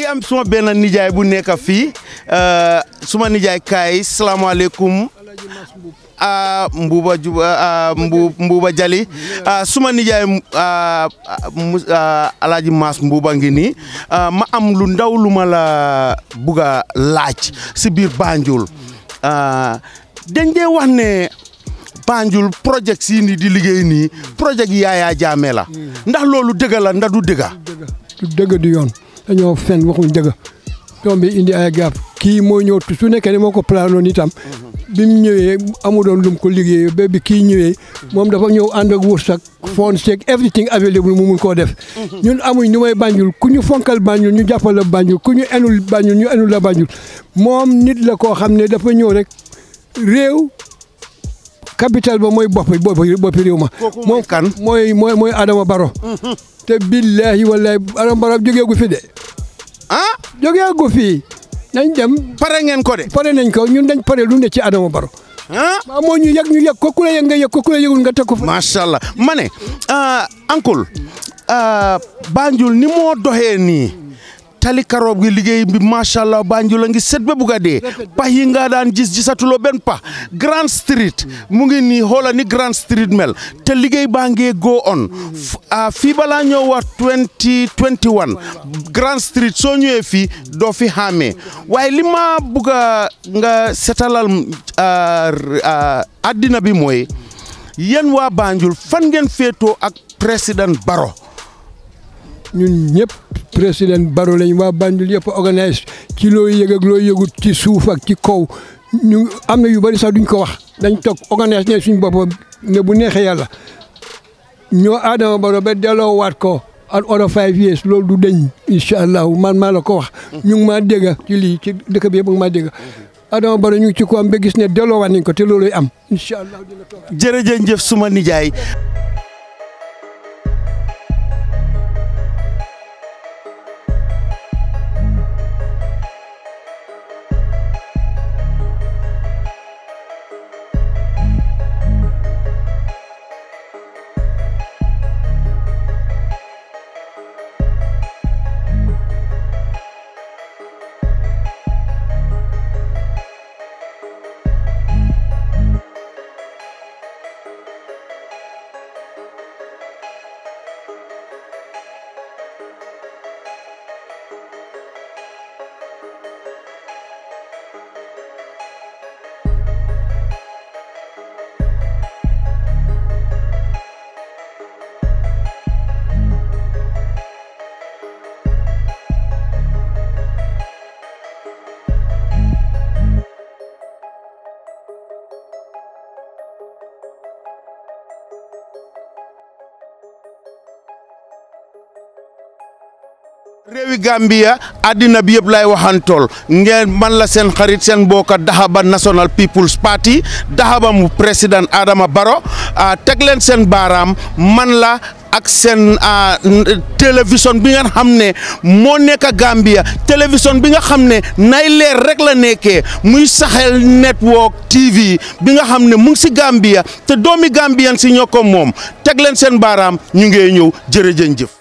ngi am suma ben nijaay bu nekk Fi, uh, suma nijaay kaay salaamaaleykum uh, mbuuba uh, mbuba jali suma nijaay alaaji mas mbuba ngi nii ma am lu ndaw lu mala buga laaj ci bir Banjul dañ dee wax Banjul project yi ni di liggéey ni project yaaya jamela ndax lolu dëgg la ndax du dëgg du dëgg dañoo fen waxuñ dëgg doom bi indi ay gaaf kii moo ñëw su nekkee ne moo ko planoon itam mhm. bi mu ñëwee amu doon lum ko liggéey be bi kii ñëwee moom dafa ñëw ànd ak wursak foon seeg everything available mu mun koo def mhm. ñun amuñ nu may bànjul ku ñu fonkal bànjul ñu jàppal la bànjul ku ñu enul bànjul ñu enul moom nit la koo xam ne dafa ñëw rek réew capital ba mooy bopp boppi réew ma moom kan mooy mooy Adama Baro mhm. te billaahi wallaahi Adama Baro jógeegu fi ah jógee gu fii nañ dem pare ngeen ko de pare nañ ko ñun dañ pare lu ne ci Adama Baro ah waaw moo ñu yëg ñu yëg ko ku yëg nga yëg ko ku la yëgul nga teg ko fa macha allah ma ne ah, uncle ah, ni moo doxee nii tali karob gi liggey bi macha allah ngi set bu gade a yi nga daan gis ben pa Grand Street mu ngi ni hola ni Grand Street mel te liggey bangé go on fi ah, bala ñoo wa 2021 Grand Street so ñu fi do fi xàmmee waaye li ma nga setalal adina ah, ah, bi moy yen wa Banjul fan ngeen feto ak president baro ñun ñëpp. président Baro lañ waa Banjul yëpp organise ci loo yëg ak loo yëgut ci suuf ak ci kaw ñu am na yu bari sax duñ ko wax dañ toog organise ne suñ boppam ne bu neexee yàlla ñoo Adama Baro ba delloo waat ko at oro five years loolu du deñ incha allahu man maa la ko wax ñu ngi maa dégg ci lii ci dëkk bi yëpp ngi maa dégg Adama Baro ñu ngi ci ko am ba gis ne delloowaat nañ ko te looluy am incha allah dina toog suma nijaay réewi Gambia àddina bi yëpp lay waxantool ngeen man la seen xarit seen mbokk Dahaba National People's Party Dahaba mu président Adama Barrow ah, teg leen seen baaraam man la ak seen ah, télévision bi nga xam ne moo nekk Gambia télévision bi nga xam ne nay leer rek la nekkee muy Sahel Network TV bi nga xam ne mu si Gambia te doomi Gambian si ñoo moom teg leen seen baaraam ñu ngey ñëw jëf